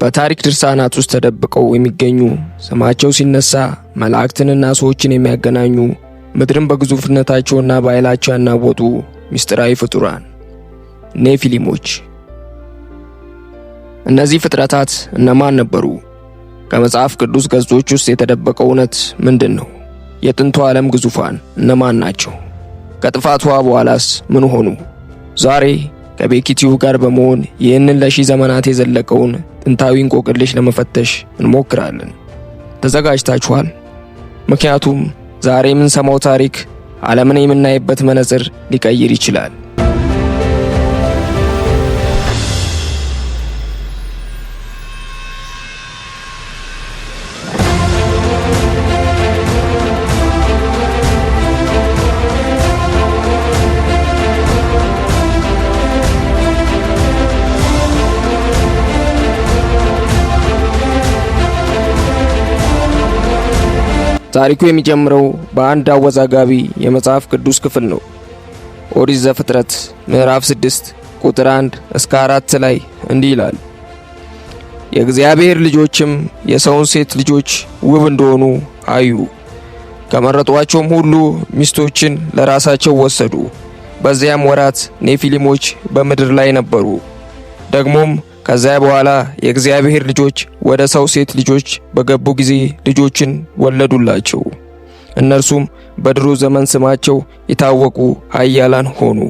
በታሪክ ድርሳናት ውስጥ ተደብቀው የሚገኙ ስማቸው ሲነሳ መላእክትንና ሰዎችን የሚያገናኙ ምድርን በግዙፍነታቸውና በኃይላቸው ያናወጡ ምስጢራዊ ፍጡራን ኔፊሊሞች። እነዚህ ፍጥረታት እነማን ነበሩ? ከመጽሐፍ ቅዱስ ገጾች ውስጥ የተደበቀው እውነት ምንድን ነው? የጥንቱ ዓለም ግዙፋን እነማን ናቸው? ውሃ በኋላስ ምን ሆኑ? ዛሬ ከቤኪቲዩ ጋር በመሆን ይህንን ለሺ ዘመናት የዘለቀውን ጥንታዊ እንቆቅልሽ ለመፈተሽ እንሞክራለን። ተዘጋጅታችኋል? ምክንያቱም ዛሬ የምንሰማው ታሪክ ዓለምን የምናይበት መነጽር ሊቀይር ይችላል። ታሪኩ የሚጀምረው በአንድ አወዛጋቢ የመጽሐፍ ቅዱስ ክፍል ነው። ኦሪት ዘፍጥረት ምዕራፍ 6 ቁጥር 1 እስከ 4 ላይ እንዲህ ይላል፣ የእግዚአብሔር ልጆችም የሰውን ሴት ልጆች ውብ እንደሆኑ አዩ፣ ከመረጧቸውም ሁሉ ሚስቶችን ለራሳቸው ወሰዱ። በዚያም ወራት ኔፊሊሞች በምድር ላይ ነበሩ። ደግሞም ከዚያ በኋላ የእግዚአብሔር ልጆች ወደ ሰው ሴት ልጆች በገቡ ጊዜ ልጆችን ወለዱላቸው። እነርሱም በድሮ ዘመን ስማቸው የታወቁ ኃያላን ሆኑ።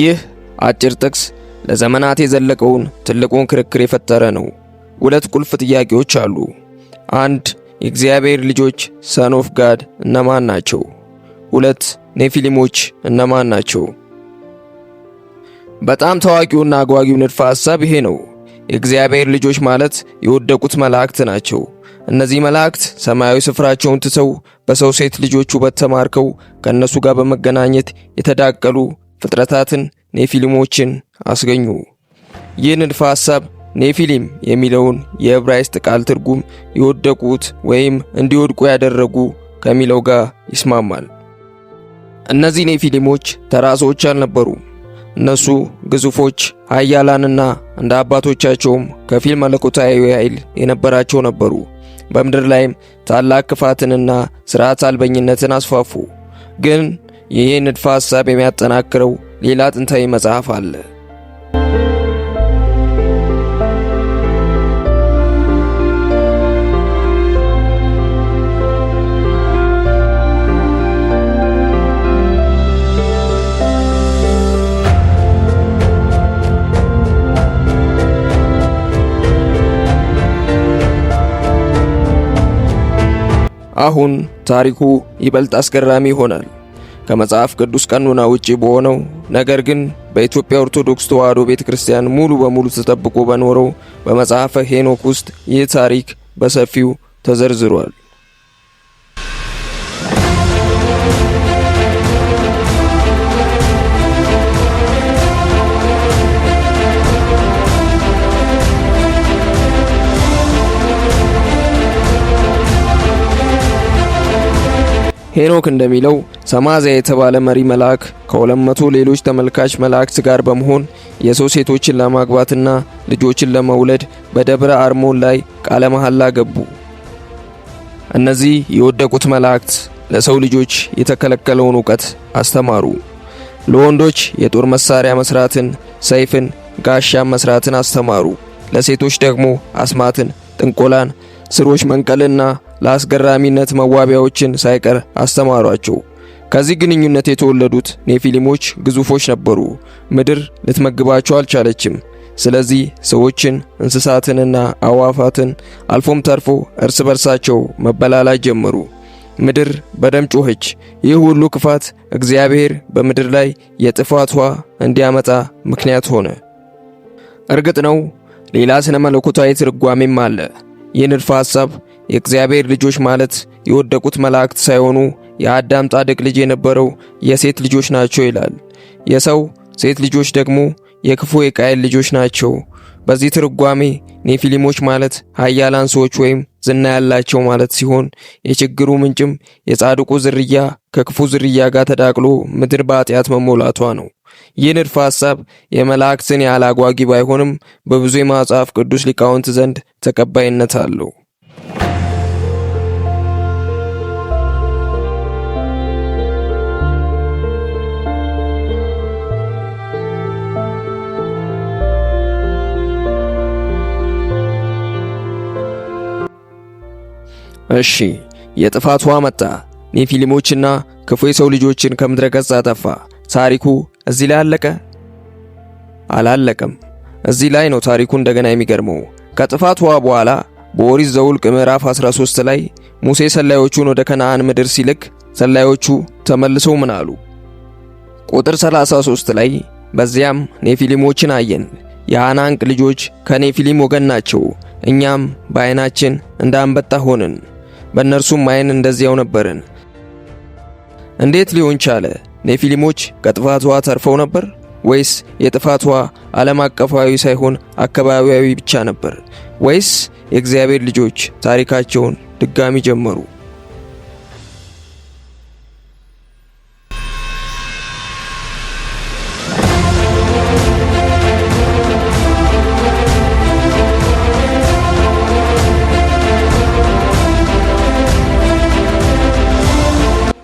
ይህ አጭር ጥቅስ ለዘመናት የዘለቀውን ትልቁን ክርክር የፈጠረ ነው። ሁለት ቁልፍ ጥያቄዎች አሉ። አንድ የእግዚአብሔር ልጆች ሰን ኦፍ ጋድ እነማን ናቸው? ሁለት ኔፊሊሞች እነማን ናቸው? በጣም ታዋቂውና አጓጊው ንድፈ ሐሳብ ይሄ ነው። የእግዚአብሔር ልጆች ማለት የወደቁት መላእክት ናቸው። እነዚህ መላእክት ሰማያዊ ስፍራቸውን ትተው በሰው ሴት ልጆች ውበት ተማርከው ከእነሱ ጋር በመገናኘት የተዳቀሉ ፍጥረታትን ኔፊሊሞችን አስገኙ። ይህ ንድፈ ሐሳብ ኔፊሊም የሚለውን የዕብራይስጥ ቃል ትርጉም የወደቁት ወይም እንዲወድቁ ያደረጉ ከሚለው ጋር ይስማማል። እነዚህ ኔፊሊሞች ፊልሞች ተራሶች አልነበሩም። እነሱ ግዙፎች ኃያላንና እንደ አባቶቻቸውም ከፊል መለኮታዊ ኃይል የነበራቸው ነበሩ። በምድር ላይም ታላቅ ክፋትንና ስርዓት አልበኝነትን አስፋፉ። ግን ይህን ንድፈ ሐሳብ የሚያጠናክረው ሌላ ጥንታዊ መጽሐፍ አለ። አሁን ታሪኩ ይበልጥ አስገራሚ ይሆናል። ከመጽሐፍ ቅዱስ ቀኖና ውጪ በሆነው ነገር ግን በኢትዮጵያ ኦርቶዶክስ ተዋሕዶ ቤተ ክርስቲያን ሙሉ በሙሉ ተጠብቆ በኖረው በመጽሐፈ ሄኖክ ውስጥ ይህ ታሪክ በሰፊው ተዘርዝሯል። ሄኖክ እንደሚለው ሰማዛ የተባለ መሪ መልአክ ከሁለት መቶ ሌሎች ተመልካች መላእክት ጋር በመሆን የሰው ሴቶችን ለማግባትና ልጆችን ለመውለድ በደብረ አርሞን ላይ ቃለ መሐላ ገቡ። እነዚህ የወደቁት መላእክት ለሰው ልጆች የተከለከለውን እውቀት አስተማሩ። ለወንዶች የጦር መሳሪያ መስራትን፣ ሰይፍን፣ ጋሻ መስራትን አስተማሩ። ለሴቶች ደግሞ አስማትን፣ ጥንቆላን፣ ስሮች መንቀልና ለአስገራሚነት መዋቢያዎችን ሳይቀር አስተማሯቸው። ከዚህ ግንኙነት የተወለዱት ኔፊሊሞች ግዙፎች ነበሩ። ምድር ልትመግባቸው አልቻለችም። ስለዚህ ሰዎችን፣ እንስሳትንና አዋፋትን አልፎም ተርፎ እርስ በርሳቸው መበላላት ጀመሩ። ምድር በደም ጮኸች። ይህ ሁሉ ክፋት እግዚአብሔር በምድር ላይ የጥፋት ውኃ እንዲያመጣ ምክንያት ሆነ። እርግጥ ነው ሌላ ስነ መለኮታዊ ትርጓሜም አለ። ይህ ንድፈ ሐሳብ የእግዚአብሔር ልጆች ማለት የወደቁት መላእክት ሳይሆኑ የአዳም ጻድቅ ልጅ የነበረው የሴት ልጆች ናቸው ይላል። የሰው ሴት ልጆች ደግሞ የክፉ የቃየል ልጆች ናቸው። በዚህ ትርጓሜ ኔፊሊሞች ማለት ኃያላን ሰዎች ወይም ዝና ያላቸው ማለት ሲሆን የችግሩ ምንጭም የጻድቁ ዝርያ ከክፉ ዝርያ ጋር ተዳቅሎ ምድር በኃጢአት መሞላቷ ነው። ይህ ንድፈ ሐሳብ የመላእክትን ያህል አጓጊ ባይሆንም በብዙ የመጽሐፍ ቅዱስ ሊቃውንት ዘንድ ተቀባይነት አለው። እሺ፣ የጥፋቱ መጣ ኔፊሊሞችና ክፉ የሰው ልጆችን ከምድረ ገጽ አጠፋ። ታሪኩ እዚህ ላይ አለቀ? አላለቀም። እዚህ ላይ ነው ታሪኩ እንደገና የሚገርመው። ከጥፋት ውሃ በኋላ በኦሪት ዘኍልቍ ምዕራፍ 13 ላይ ሙሴ ሰላዮቹን ወደ ከነዓን ምድር ሲልክ ሰላዮቹ ተመልሰው ምን አሉ? ቁጥር 33 ላይ በዚያም ኔፊሊሞችን አየን፣ የአናንቅ ልጆች ከኔፊሊም ወገን ናቸው፣ እኛም በዓይናችን እንደ አንበጣ ሆንን። በእነርሱም አይን እንደዚያው ነበርን። እንዴት ሊሆን ቻለ? ኔፊሊሞች ከጥፋቷ ተርፈው ነበር ወይስ የጥፋት ዓለም አቀፋዊ ሳይሆን አካባቢያዊ ብቻ ነበር? ወይስ የእግዚአብሔር ልጆች ታሪካቸውን ድጋሚ ጀመሩ?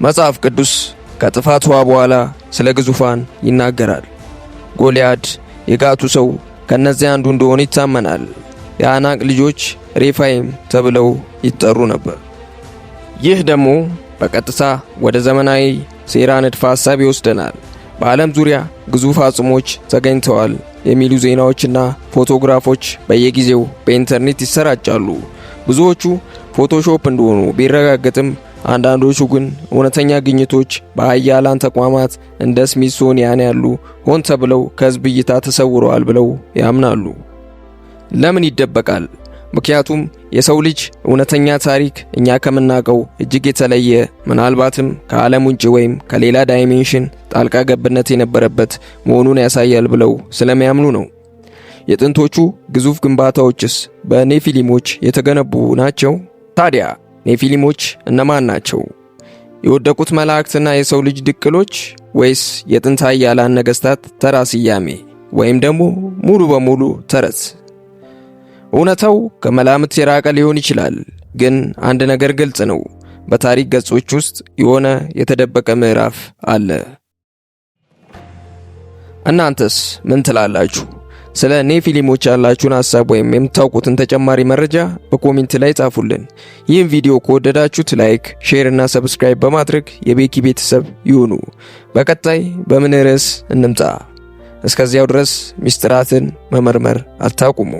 መጽሐፍ ቅዱስ ከጥፋት ውሃ በኋላ ስለ ግዙፋን ይናገራል። ጎልያድ የጋቱ ሰው ከእነዚያ አንዱ እንደሆነ ይታመናል። የአናቅ ልጆች ሬፋይም ተብለው ይጠሩ ነበር። ይህ ደግሞ በቀጥታ ወደ ዘመናዊ ሴራ ንድፈ ሐሳብ ይወስደናል። በዓለም ዙሪያ ግዙፍ አጽሞች ተገኝተዋል የሚሉ ዜናዎችና ፎቶግራፎች በየጊዜው በኢንተርኔት ይሰራጫሉ። ብዙዎቹ ፎቶሾፕ እንደሆኑ ቢረጋገጥም አንዳንዶቹ ግን እውነተኛ ግኝቶች በአያላን ተቋማት እንደ ስሚሶኒያን ያሉ ሆን ተብለው ከህዝብ እይታ ተሰውረዋል ብለው ያምናሉ። ለምን ይደበቃል? ምክንያቱም የሰው ልጅ እውነተኛ ታሪክ እኛ ከምናውቀው እጅግ የተለየ ምናልባትም ከዓለም ውጭ ወይም ከሌላ ዳይሜንሽን ጣልቃ ገብነት የነበረበት መሆኑን ያሳያል ብለው ስለሚያምኑ ነው። የጥንቶቹ ግዙፍ ግንባታዎችስ በኔፊሊሞች የተገነቡ ናቸው ታዲያ ኔፊሊሞች እነማን ናቸው? የወደቁት መላእክትና የሰው ልጅ ድቅሎች ወይስ የጥንት ኃያላን ነገሥታት ተራ ስያሜ ወይም ደግሞ ሙሉ በሙሉ ተረት? እውነታው ከመላምት የራቀ ሊሆን ይችላል፣ ግን አንድ ነገር ግልጽ ነው። በታሪክ ገጾች ውስጥ የሆነ የተደበቀ ምዕራፍ አለ። እናንተስ ምን ትላላችሁ? ስለ እኔ ፊልሞች ያላችሁን ሀሳብ ወይም የምታውቁትን ተጨማሪ መረጃ በኮሜንት ላይ ጻፉልን። ይህን ቪዲዮ ከወደዳችሁት ላይክ፣ ሼር እና ሰብስክራይብ በማድረግ የቤኪ ቤተሰብ ይሁኑ። በቀጣይ በምን ርዕስ እንምጣ? እስከዚያው ድረስ ሚስጥራትን መመርመር አታቁሙ።